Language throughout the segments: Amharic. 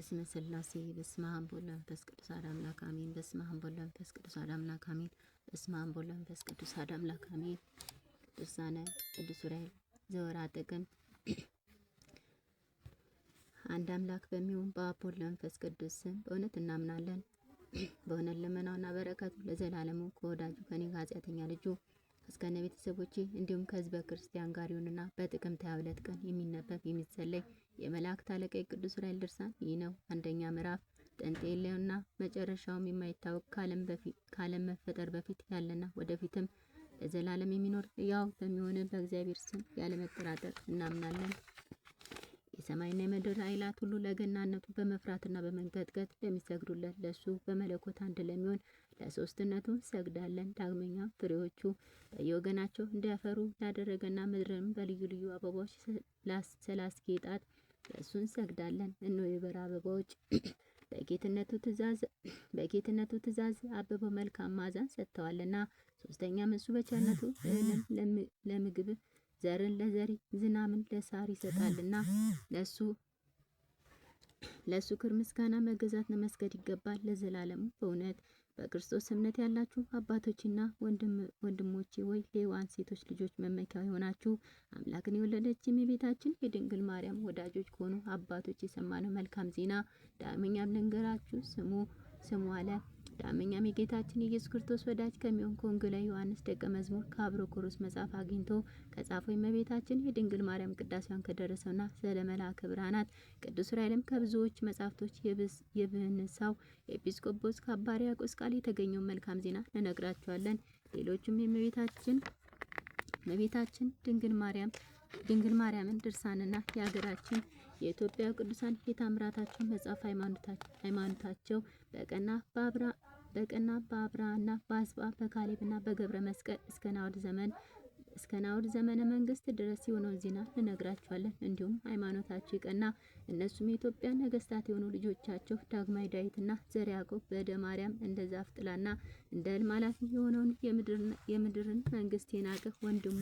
በእስመ ስላሴ በስመ አብ ወወልድ ወመንፈስ ቅዱስ አሐዱ አምላክ አሜን። በስመ አብ ወወልድ ወመንፈስ ቅዱስ አሐዱ አምላክ አሜን። በስመ አብ ወወልድ ወመንፈስ ቅዱስ አሐዱ አምላክ አሜን። ቅዱሳነ ቅዱስ ዑራኤል ዘወርኃ ጥቅምት አንድ አምላክ በሚሆን በአብ ወወልድ ወመንፈስ ቅዱስ ስም በእውነት እናምናለን። በእውነት ልመናውና በረከቱ ለዘላለሙ ከወዳጁ ከኔ ከኃጢአተኛ ልጁ እስከነ ቤተሰቦቼ እንዲሁም ከህዝበ ክርስቲያን ጋር ይሁንና በጥቅምት 22 ቀን የሚነበብ የሚጸለይ የመላእክት አለቃ ቅዱስ ዑራኤል ድርሳን ይህ ነው። አንደኛ ምዕራፍ ጠንጤ የለውና መጨረሻውም የማይታወቅ ከዓለም መፈጠር በፊት ያለና ወደፊትም ለዘላለም የሚኖር ያው በሚሆን በእግዚአብሔር ስም ያለመጠራጠር እናምናለን። የሰማይና የምድር ኃይላት ሁሉ ለገናነቱ በመፍራትና በመንቀጥቀጥ ለሚሰግዱለት ለሱ በመለኮት አንድ ለሚሆን ለሶስትነቱ እንሰግዳለን። ዳግመኛ ፍሬዎቹ በየወገናቸው እንዲያፈሩ ላደረገና ምድርን በልዩ ልዩ አበባዎች ስላስጌጣት ለእሱ እንሰግዳለን። እኖ የበራ አበባዎች በጌትነቱ ትእዛዝ አበበው መልካም ማዛን ሰጥተዋልና። ሶስተኛም እሱ በቸርነቱ እህልን ለምግብ ዘርን ለዘሪ ዝናምን ለሳር ይሰጣልና ለሱ ለሱ ክብር ምስጋና መገዛት መስገድ ይገባል ለዘላለሙ በእውነት በክርስቶስ እምነት ያላችሁ አባቶችና ወንድሞቼ ወይ ሌዋን ሴቶች ልጆች መመኪያ የሆናችሁ አምላክን የወለደች የቤታችን የድንግል ማርያም ወዳጆች ከሆኑ አባቶች የሰማነው መልካም ዜና ዳመኛ ልንገራችሁ። ስሙ ስሙ አለ። ዳመኛም የጌታችን ኢየሱስ ክርስቶስ ወዳጅ ከሚሆን ከወንጌላዊ ዮሐንስ ደቀ መዝሙር ኮሮስ መጽሐፍ አግኝቶ ከጻፈው እመቤታችን የድንግል ማርያም ቅዳሴዋን ከደረሰውና ስለ መልአከ ብርሃናት ቅዱስ ዑራኤልም ከብዙዎች መጻሕፍቶች የብህንሳው ኤጲስቆጶስ ከአባ ሕርያቆስ ቃል የተገኘውን መልካም ዜና እንነግራችኋለን። ሌሎችም የእመቤታችን እመቤታችን ድንግል ማርያም ድንግል ማርያምን ድርሳንና የሀገራችን የኢትዮጵያ ቅዱሳን የታምራታቸው መጽሐፍ ሃይማኖታቸው በቀና በአብራ በቀና በአብርሃና በአስባ በካሌብና በገብረ መስቀል እስከ ናውድ ዘመን እስከ ናውድ ዘመነ መንግስት ድረስ የሆነውን ዜና እንነግራችኋለን። እንዲሁም ሃይማኖታቸው የቀና እነሱም የኢትዮጵያ ነገስታት የሆኑ ልጆቻቸው ዳግማዊ ዳዊትና ዘርዓ ያዕቆብ በእደ ማርያም እንደ ዛፍ ጥላና እንደ ሕልም የሆነውን የምድርን መንግስት የናቀ ወንድሙ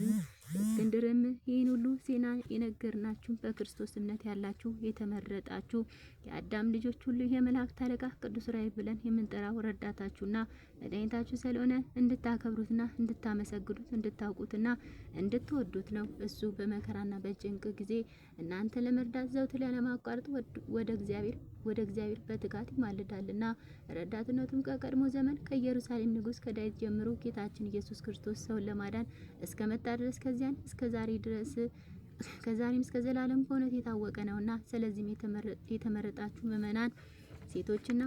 እስክንድርም ይህን ሁሉ ዜና የነገርናችሁ በክርስቶስ እምነት ያላችሁ የተመረጣችሁ የአዳም ልጆች ሁሉ የመላእክት አለቃ ቅዱስ ራይ ብለን የምንጠራው ረዳታችሁና መድኃኒታችሁ ስለሆነ እንድታከብሩትና እንድታመሰግዱት እንድታውቁትና እንድትወዱት ነው። እሱ በመከራና በጭንቅ ጊዜ እናንተ ለመርዳት ዘውትር ያለማቋረጥ ወደ እግዚአብሔር ወደ እግዚአብሔር በትጋት ይማልዳልና ረዳትነቱም ከቀድሞ ዘመን ከኢየሩሳሌም ንጉስ ከዳዊት ጀምሮ ጌታችን ኢየሱስ ክርስቶስ ሰውን ለማዳን እስከ መጣ ድረስ ከዚያን እስከ ዛሬ ድረስ ከዛሬም እስከ ዘላለም በእውነት የታወቀ ነውና። ስለዚህም የተመረጣችሁ ምእመናን ሴቶችና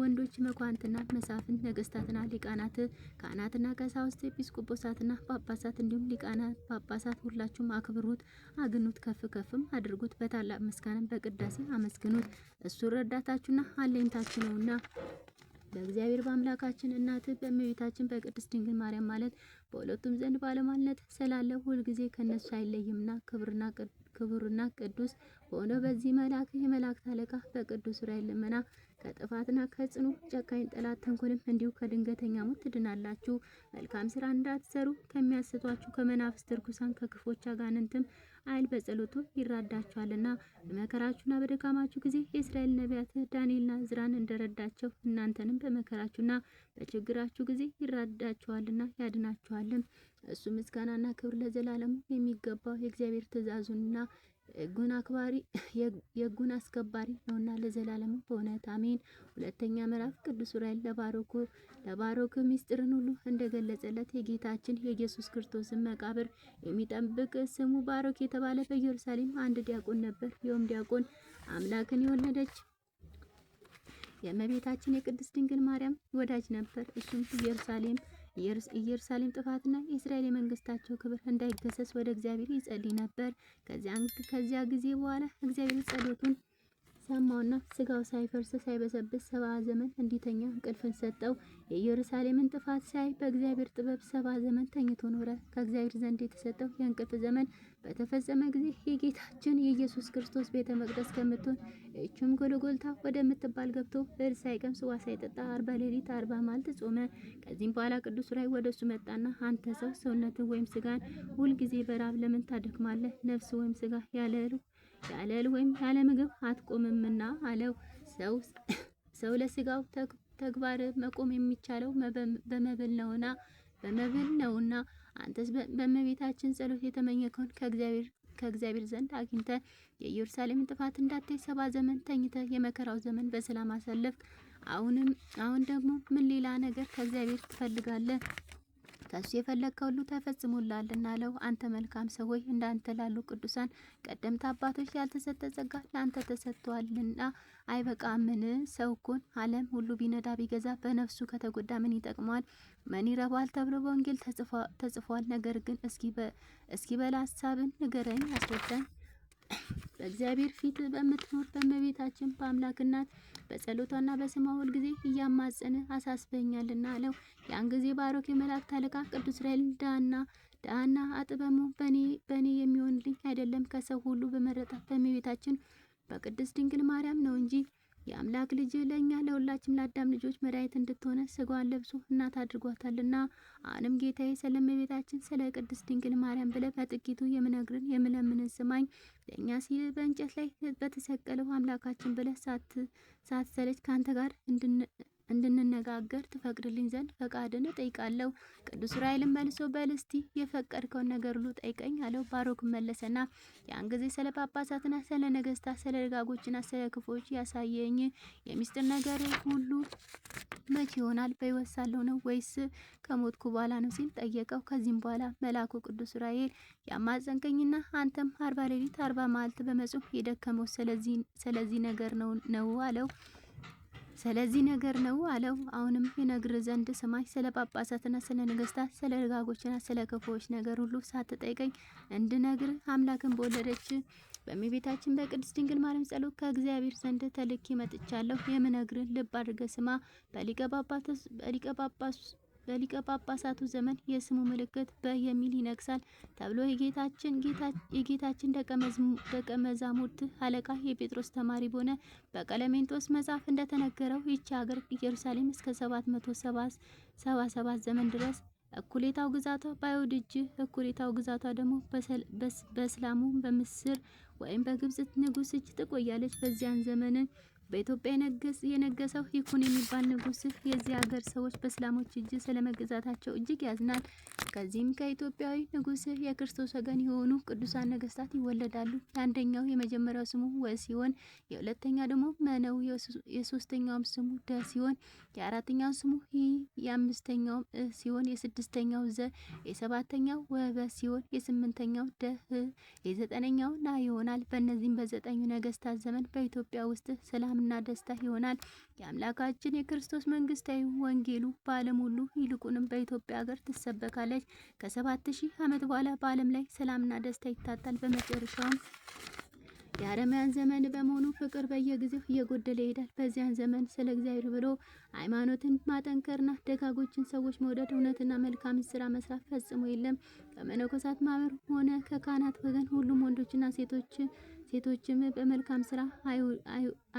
ወንዶች፣ መኳንትና መሳፍንት፣ ነገስታትና ሊቃናት፣ ካህናትና ቀሳውስት፣ ኤጲስቆጶሳትና ጳጳሳት እንዲሁም ሊቃናት ጳጳሳት ሁላችሁም አክብሩት፣ አግኑት፣ ከፍ ከፍም አድርጉት። በታላቅ ምስጋና በቅዳሴ አመስግኑት። እሱ ረዳታችሁና አለኝታችሁ ነውና በእግዚአብሔር በአምላካችን እናት በእመቤታችን በቅድስት ድንግል ማርያም ማለት በሁለቱም ዘንድ ባለሟልነት ስላለ ሁልጊዜ ከነሱ አይለይምና ክብርና ቅድ ክቡርና ቅዱስ ሆኖ በዚህ መልአክ የመላእክት አለቃ በቅዱስ ዑራኤል ልመና ከጥፋትና ከጽኑ ጨካኝ ጠላት ተንኮልም እንዲሁ ከድንገተኛ ሞት ትድናላችሁ። መልካም ስራ እንዳትሰሩ ከሚያስቷችሁ ከመናፍስት ትርኩሳን ከክፎች አጋንንትም አይል በጸሎቱ ይራዳችኋልና በመከራችሁና በደካማችሁ ጊዜ የእስራኤል ነቢያት ዳንኤልና ዝራን እንደረዳቸው እናንተንም በመከራችሁና በችግራችሁ ጊዜ ይራዳችኋልና ያድናችኋልም። እሱ ምስጋናና ክብር ለዘላለሙ የሚገባው የእግዚአብሔር ትእዛዙንና ጉን አክባሪ የጉን አስከባሪ ነውና ለዘላለም በእውነት አሜን። ሁለተኛ ምዕራፍ ቅዱስ ዑራኤል ለባሮኩ ለባሮክ ምስጢርን ሁሉ እንደገለጸለት የጌታችን የኢየሱስ ክርስቶስን መቃብር የሚጠብቅ ስሙ ባሮክ የተባለ በኢየሩሳሌም አንድ ዲያቆን ነበር። ይኸውም ዲያቆን አምላክን የወለደች የእመቤታችን የቅድስት ድንግል ማርያም ወዳጅ ነበር። እሱም ኢየሩሳሌም የኢየሩሳሌም ጥፋትና የእስራኤል የመንግስታቸው ክብር እንዳይገሰስ ወደ እግዚአብሔር ይጸልይ ነበር። ከዚያ ጊዜ በኋላ እግዚአብሔር ጸሎቱን ሰማውና ስጋው ሳይፈርስ ሳይበሰብስ ሰባ ዘመን እንዲተኛ እንቅልፍን ሰጠው። የኢየሩሳሌምን ጥፋት ሳይ በእግዚአብሔር ጥበብ ሰባ ዘመን ተኝቶ ኖረ። ከእግዚአብሔር ዘንድ የተሰጠው የእንቅልፍ ዘመን በተፈጸመ ጊዜ የጌታችን የኢየሱስ ክርስቶስ ቤተ መቅደስ ከምትሆን እቹም ጎልጎልታ ወደምትባል ገብቶ እህል ሳይቀምስ ውሃ ሳይጠጣ አርባ ሌሊት አርባ ማልት ጾመ። ከዚህም በኋላ ቅዱስ ራእይ ወደ እሱ መጣና አንተ ሰው ሰውነትን ወይም ስጋን ሁልጊዜ በራብ ለምን ታደክማለህ? ነፍስ ወይም ስጋ ያለ እህል ያለ እህል ወይም ያለ ምግብ አትቆምምና አለው። ሰው ሰው ለስጋው ተግባር መቆም የሚቻለው በመብል ነውና በመብል ነውና አንተስ በእመቤታችን ጸሎት የተመኘከውን ከእግዚአብሔር ከእግዚአብሔር ዘንድ አግኝተ የኢየሩሳሌም ጥፋት እንዳታይ ሰባ ዘመን ተኝተ የመከራው ዘመን በሰላም አሳለፍክ። አሁንም አሁን ደግሞ ምን ሌላ ነገር ከእግዚአብሔር ትፈልጋለህ? ከሱ የፈለግከው ሁሉ ተፈጽሞልሃልና አለው። አንተ መልካም ሰው ሆይ እንዳንተ ላሉ ቅዱሳን ቀደምት አባቶች ያልተሰጠ ጸጋ ለአንተ ተሰጥቷልና አይበቃምን? ሰው እኮን ዓለም ሁሉ ቢነዳ ቢገዛ በነፍሱ ከተጎዳ ምን ይጠቅመዋል? ምን ይረባል ተብሎ በወንጌል ተጽፏል። ነገር ግን እስኪ በላ ሀሳብን ንገረኝ፣ አስረዳኝ። በእግዚአብሔር ፊት በምትኖር በእመቤታችን በአምላክ እናት በጸሎቷና በስሟ ሁልጊዜ እያማጸነ አሳስበኛልና አለው። ያን ጊዜ ባሮክ የመላእክት አለቃ ቅዱስ ዑራኤል ዳና ዳና አጥበሙ በኔ በኔ የሚሆንልኝ አይደለም ከሰው ሁሉ በመረጣት በእመቤታችን በቅድስት ድንግል ማርያም ነው እንጂ የአምላክ ልጅ ለእኛ ለሁላችን ለአዳም ልጆች መድኃኒት እንድትሆነ ስጋዋን ለብሶ እናት አድርጓታልና። አንም ጌታዬ ስለ እመቤታችን ስለ ቅድስት ድንግል ማርያም ብለ በጥቂቱ የምነግርን የምለምንን ስማኝ። ለእኛ ሲል በእንጨት ላይ በተሰቀለው አምላካችን ብለ ሳትሰለች ከአንተ ጋር እንድንነጋገር ትፈቅድልኝ ዘንድ ፈቃድን እጠይቃለሁ። ቅዱስ ዑራኤልን መልሶ በል እስቲ የፈቀድከውን ነገር ሁሉ ጠይቀኝ አለው። ባሮክ መለሰና ያን ጊዜ ስለ ጳጳሳትና ስለ ነገስታት፣ ስለ ደጋጎችና ስለ ክፎች ያሳየኝ የሚስጥር ነገር ሁሉ መቼ ይሆናል? በሕይወት ሳለሁ ነው ወይስ ከሞትኩ በኋላ ነው ሲል ጠየቀው። ከዚህም በኋላ መልአኩ ቅዱስ ዑራኤል ያማጸንከኝና አንተም አርባ ሌሊት አርባ መዓልት በመጾም የደከመው ስለዚህ ነገር ነው ነው አለው። ስለዚህ ነገር ነው አለው። አሁንም ይነግር ዘንድ ስማኝ፣ ስለ ጳጳሳትና ስለ ነገስታት፣ ስለ ደጋጎችና ስለ ክፉዎች ነገር ሁሉ ሳትጠይቀኝ እንድነግር አምላክን በወለደች በእመቤታችን በቅድስት ድንግል ማርያም ጸሎት ከእግዚአብሔር ዘንድ ተልኬ መጥቻለሁ። የምነግርን ልብ አድርገ ስማ። በሊቀ ጳጳስ በሊቀ ጳጳሳቱ ዘመን የስሙ ምልክት በ የሚል ይነግሳል ተብሎ የጌታችን የጌታችን ደቀ መዛሙርት አለቃ የጴጥሮስ ተማሪ በሆነ በቀለሜንጦስ መጽሐፍ እንደተነገረው ይቺ ሀገር ኢየሩሳሌም እስከ 777 ዘመን ድረስ እኩሌታው ግዛቷ በአይሁድ እጅ እኩሌታው ግዛቷ ደግሞ በእስላሙ በምስር ወይም በግብጽ ንጉስ እጅ ትቆያለች። በዚያን ዘመንን በኢትዮጵያ የነገሰው ይኩን የሚባል ንጉስ የዚህ ሀገር ሰዎች በእስላሞች እጅ ስለመገዛታቸው እጅግ ያዝናል። ከዚህም ከኢትዮጵያዊ ንጉስ የክርስቶስ ወገን የሆኑ ቅዱሳን ነገስታት ይወለዳሉ። የአንደኛው የመጀመሪያው ስሙ ወ ሲሆን፣ የሁለተኛ ደግሞ መነው፣ የሶስተኛውም ስሙ ደ ሲሆን፣ የአራተኛው ስሙ ሂ፣ የአምስተኛው ሲሆን፣ የስድስተኛው ዘ፣ የሰባተኛው ወበ ሲሆን፣ የስምንተኛው ደ የዘጠነኛው ና ይሆናል። በእነዚህም በዘጠኙ ነገስታት ዘመን በኢትዮጵያ ውስጥ ሰላም ሰላምና ደስታ ይሆናል። የአምላካችን የክርስቶስ መንግስታዊ ወንጌሉ በዓለም ሁሉ ይልቁንም በኢትዮጵያ ሀገር ትሰበካለች። ከሰባት ሺህ ዓመት በኋላ በዓለም ላይ ሰላምና ደስታ ይታጣል። በመጨረሻውም የአረማውያን ዘመን በመሆኑ ፍቅር በየጊዜው እየጎደለ ይሄዳል። በዚያን ዘመን ስለ እግዚአብሔር ብሎ ሃይማኖትን ማጠንከርና ደጋጎችን ሰዎች መውደድ፣ እውነትና መልካም ስራ መስራት ፈጽሞ የለም። ከመነኮሳት ማህበር ሆነ ከካህናት ወገን ሁሉም ወንዶችና ሴቶች ሴቶችም በመልካም ስራ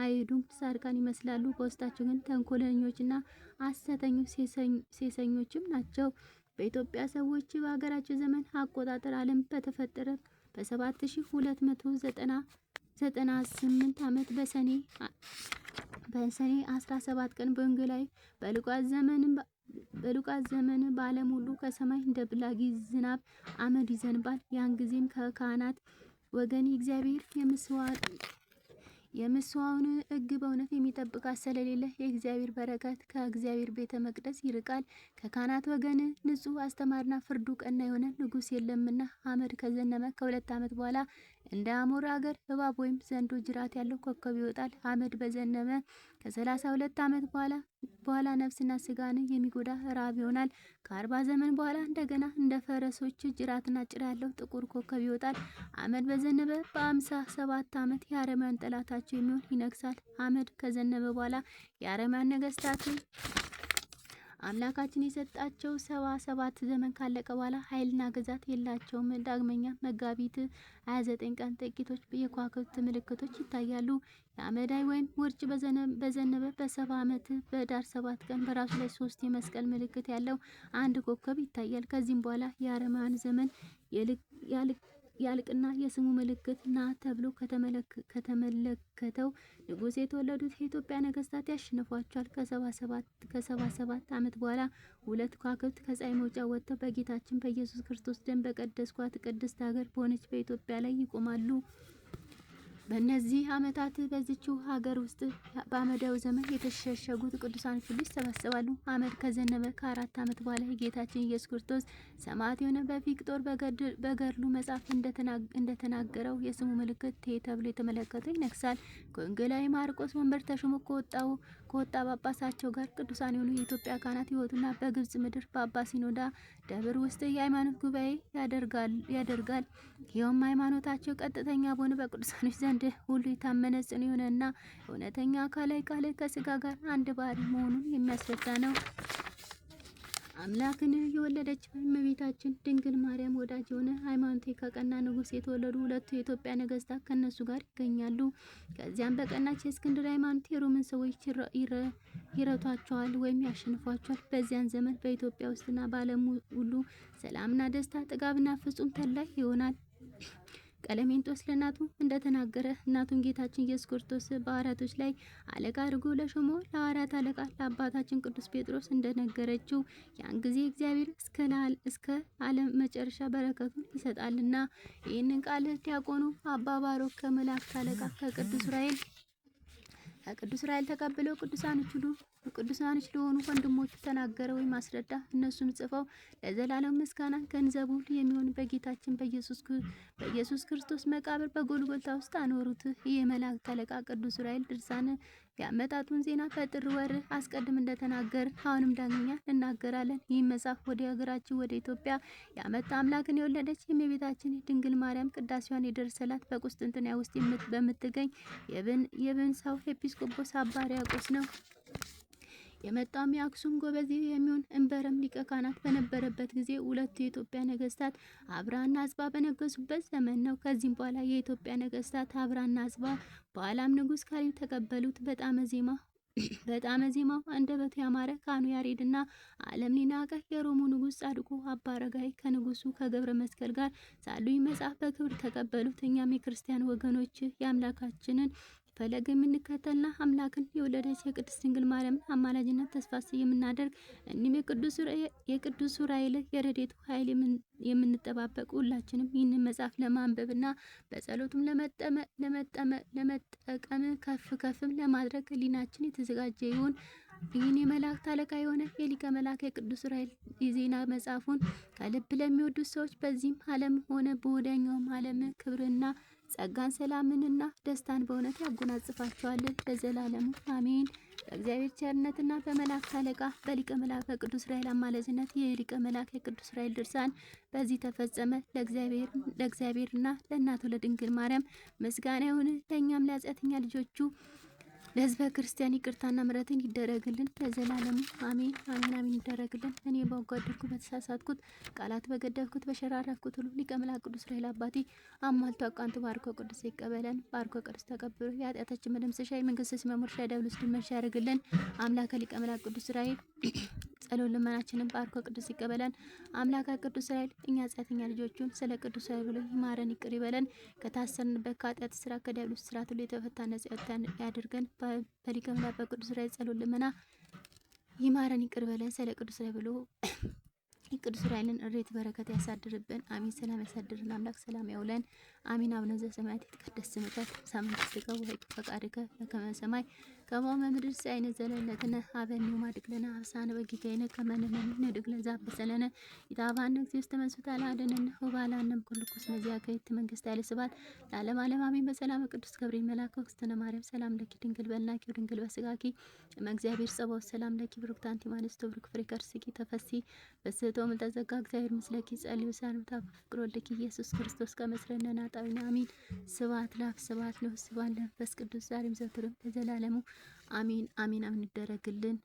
አይዱም፣ ጻድቃን ይመስላሉ፣ በውስጣቸው ግን ተንኮለኞችና ሐሰተኞች ሴሰኞችም ናቸው። በኢትዮጵያ ሰዎች በሀገራቸው ዘመን አቆጣጠር ዓለም በተፈጠረ በ7298 ዓመት በሰኔ በሰኔ 17 ቀን በወንጌላዊ በሉቃስ ዘመን በሉቃስ ዘመን በዓለም ሁሉ ከሰማይ እንደ ብላጊ ዝናብ አመድ ይዘንባል። ያን ጊዜም ከካህናት ወገን እግዚአብሔር የምስዋዕት የምስዋውን ሕግ በእውነት የሚጠብቃት ስለሌለ የእግዚአብሔር በረከት ከእግዚአብሔር ቤተ መቅደስ ይርቃል። ከካህናት ወገን ንጹህ አስተማርና ፍርዱ ቀና የሆነ ንጉስ የለምና አመድ ከዘነበ ከሁለት ዓመት በኋላ እንደ አሞር ሀገር እባብ ወይም ዘንዶ ጅራት ያለው ኮከብ ይወጣል። አመድ በዘነበ ከ32 ዓመት በኋላ በኋላ ነፍስና ስጋን የሚጎዳ ራብ ይሆናል። ከአርባ ዘመን በኋላ እንደገና እንደ ፈረሶች ጅራትና ጭራ ያለው ጥቁር ኮከብ ይወጣል። አመድ በዘነበ በአምሳ ሰባት ዓመት የአረማውያን ጠላታቸው የሚሆን ይነግሳል። አመድ ከዘነበ በኋላ የአረማውያን ነገስታት አምላካችን የሰጣቸው ሰባ ሰባት ዘመን ካለቀ በኋላ ኃይልና ግዛት የላቸውም። ዳግመኛ መጋቢት 29 ቀን ጥቂቶች የከዋክብት ምልክቶች ይታያሉ። የአመዳይ ወይም ውርጭ በዘነበ በሰባ ዓመት በዳር ሰባት ቀን በራሱ ላይ ሶስት የመስቀል ምልክት ያለው አንድ ኮከብ ይታያል። ከዚህም በኋላ የአረማን ዘመን ያልቅ ያልቅና የስሙ ምልክት ና ተብሎ ከተመለከተው ንጉሥ የተወለዱት የኢትዮጵያ ነገስታት ያሸንፏቸዋል። ከሰባ ሰባት ዓመት በኋላ ሁለት ከዋክብት ከፀሐይ መውጫ ወጥተው በጌታችን በኢየሱስ ክርስቶስ ደም በቀደስኳት ቅድስት ሀገር በሆነች በኢትዮጵያ ላይ ይቆማሉ። በእነዚህ ዓመታት በዚችው ሀገር ውስጥ በአመዳዊ ዘመን የተሸሸጉት ቅዱሳን ሁሉ ይሰበሰባሉ። አመድ ከዘነበ ከአራት ዓመት በኋላ የጌታችን ኢየሱስ ክርስቶስ ሰማዕት የሆነ በፊቅጦር በገድሉ መጽሐፍ እንደተናገረው የስሙ ምልክት ቴ ተብሎ የተመለከተ ይነግሳል። ከወንጌላዊ ማርቆስ ወንበር ተሾሞ ከወጣው ከወጣ ጳጳሳቸው ጋር ቅዱሳን የሆኑ የኢትዮጵያ ካህናት ሕይወቱና በግብጽ ምድር በአባ ሲኖዳ ደብር ውስጥ የሃይማኖት ጉባኤ ያደርጋል። ይኸውም ሃይማኖታቸው ቀጥተኛ በሆነ በቅዱሳኖች ዘንድ አንድ ሁሉ የታመነ ጽኑ የሆነና እውነተኛ አካላዊ ቃል ከስጋ ጋር አንድ ባህሪ መሆኑን የሚያስረዳ ነው። አምላክን የወለደች እመቤታችን ድንግል ማርያም ወዳጅ የሆነ ሃይማኖት ከቀና ንጉስ የተወለዱ ሁለቱ የኢትዮጵያ ነገስታት ከነሱ ጋር ይገኛሉ። ከዚያም በቀናች የእስክንድር ሃይማኖት የሮምን ሰዎች ይረቷቸዋል ወይም ያሸንፏቸዋል። በዚያን ዘመን በኢትዮጵያ ውስጥና በዓለም ሁሉ ሰላምና ደስታ፣ ጥጋብና ፍጹም ተላይ ይሆናል። ቀለሜንጦስ ለእናቱ እንደተናገረ እናቱን ጌታችን ኢየሱስ ክርስቶስ በሐዋርያቶች ላይ አለቃ አድርጎ ለሾሞ ለሐዋርያት አለቃ ለአባታችን ቅዱስ ጴጥሮስ እንደነገረችው ያን ጊዜ እግዚአብሔር እስከ ዓለም መጨረሻ በረከቱን ይሰጣልና። ይህንን ቃል ዲያቆኑ አባ ባሮክ ከመላእክት አለቃ ከቅዱስ ራኤል ከቅዱስ ዑራኤል ተቀብለው ቅዱሳኖች ሁሉ ቅዱሳኖች ለሆኑ ወንድሞቹ ተናገረ ወይም አስረዳ። እነሱም ጽፈው ለዘላለም ምስጋና ገንዘቡ የሚሆን በጌታችን በኢየሱስ ክርስቶስ መቃብር በጎልጎልታ ውስጥ አኖሩት። ይህ መላእክት አለቃ ቅዱስ ዑራኤል ድርሳነ የአመጣጡን ዜና በጥር ወር አስቀድም እንደተናገር አሁንም ዳግኛ እናገራለን። ይህ መጽሐፍ ወደ ሀገራችን ወደ ኢትዮጵያ ያመጣ አምላክን የወለደች የእመቤታችን ድንግል ማርያም ቅዳሴዋን የደረሰላት በቁስጥንጥንያ ውስጥ በምትገኝ የብን ሰው ኤጲስቆጶስ አባ ሕርያቆስ ነው። የመጣም የአክሱም ጎበዝ የሚሆን እንበረም ሊቀ ካህናት በነበረበት ጊዜ ሁለቱ የኢትዮጵያ ነገስታት አብራና አጽባ በነገሱበት ዘመን ነው። ከዚህም በኋላ የኢትዮጵያ ነገስታት አብራና አጽባ በኋላም ንጉስ ካሌብ ተቀበሉት። በጣም ዜማ በጣም ዜማው አንደበቱ ያማረ ካህኑ ያሬድና ዓለም ሊናቀ የሮሙ ንጉስ ጻድቁ አባ አረጋዊ ከንጉሱ ከገብረ መስቀል ጋር ሳሉ መጽሐፍ በክብር ተቀበሉት። እኛም የክርስቲያን ወገኖች የአምላካችንን ፈለግ የምንከተልና አምላክን የወለደች የቅድስት ድንግል ማርያምን አማላጅነት ተስፋ የምናደርግ እኒም የቅዱስ ዑራኤል የረድኤቱ ኃይል የምንጠባበቅ ሁላችንም ይህንን መጽሐፍ ለማንበብና በጸሎቱም ለመጠቀም ከፍ ከፍም ለማድረግ ሕሊናችን የተዘጋጀ ይሁን። ይህን የመላእክት አለቃ የሆነ የሊቀ መላእክት የቅዱስ ዑራኤል የዜና መጽሐፉን ከልብ ለሚወዱት ሰዎች በዚህም ዓለም ሆነ በወዲያኛውም ዓለም ክብርና ጸጋን፣ ሰላምንና ደስታን በእውነት ያጎናጽፋቸዋል ለዘላለሙ አሜን። በእግዚአብሔር ቸርነትና በመላእክት አለቃ በሊቀ መልአክ በቅዱስ ራኤል አማላጅነት የሊቀ መልአክ የቅዱስ ራኤል ድርሳን በዚህ ተፈጸመ። ለእግዚአብሔርና ለእናቱ ለድንግል ማርያም ምስጋና ይሁን፣ ለእኛም ለኃጢአተኛ ልጆቹ ለህዝበ ክርስቲያን ይቅርታና ምረትን ይደረግልን ለዘላለሙ አሜን አሜን አሜን ይደረግልን። እኔ ባጓደልኩ በተሳሳትኩት ቃላት በገደብኩት በሸራረፍኩት ሁሉ ሊቀ መላእክት ቅዱስ ዑራኤል አባቴ አሟልቶ አቃንቶ ባርኮ ቅዱስ ይቀበለን። ባርኮ ቅዱስ ተቀብሎ የኃጢአታችን መደምሰሻ የመንግስት መሞርሻ የዲያብሎስ ድል መንሻ ያደርግልን። አምላከ ሊቀ መላእክት ቅዱስ ዑራኤል ጸሎት ልመናችንን ባርኮ ቅዱስ ይቀበለን። አምላካ ቅዱስ ዑራኤል እኛ ኃጢአተኛ ልጆቹን ስለ ቅዱስ ዑራኤል ብሎ ይማረን ይቅር ይበለን። ከታሰርንበት ከኃጢአት ስራ ከዲያብሎስ ስራ ሁሉ የተፈታን ነጻ ያድርገን። በሊቀ መላእክት በቅዱስ ዑራኤል ጸሎት ልመና ይማረን ይቅር በለን ስለ ቅዱስ ዑራኤል ብሎ ቅዱስ ዑራኤልን እሬት በረከት ያሳድርብን። አሚን። ሰላም ያሳድርን። አምላክ ሰላም ያውለን። አሚን። አቡነ ዘበሰማያት ይትቀደስ ስምከ ወይ ፈቃድከ በከመ በሰማይ ከመ መምድር ሳይነ ዘለለትነ አበኒውማ ድቅለነ አብሳነ በጊዜነ ከመ ንሕነኒ ንድቅለ ዘአበሰለነ ኢታብአነ እግዚእስተ መንሱት አላደነነ ወባላነም ኩሉ እስመ ዚአከ መንግስት ያለ ስባት ለዓለም ዓለም አሜን። በሰላም ቅዱስ ገብርኤል መልአከ እግዝእትነ ማርያም ሰላም ለኪ ድንግል በልናኪ ድንግል በስጋኪ እመ እግዚአብሔር ጸባኦት ሰላም ለኪ ብሩክት አንቲ እምአንስቶ ብሩክ ፍሬ ከርስኪ ተፈሲ በስሕቶ ምልተዘጋ እግዚአብሔር ምስለኪ ጸልዩ ሳኑታ ፍቅሮ ወልደኪ ኢየሱስ ክርስቶስ ከመስረነና ናጣዊነ አሚን። ስባት ለአብ ስባት ለሁ ስብሐት ለመንፈስ ቅዱስ ዛሬም ዘወትርም ለዘላለሙ አሜን አሜን አሜን ይደረግልን።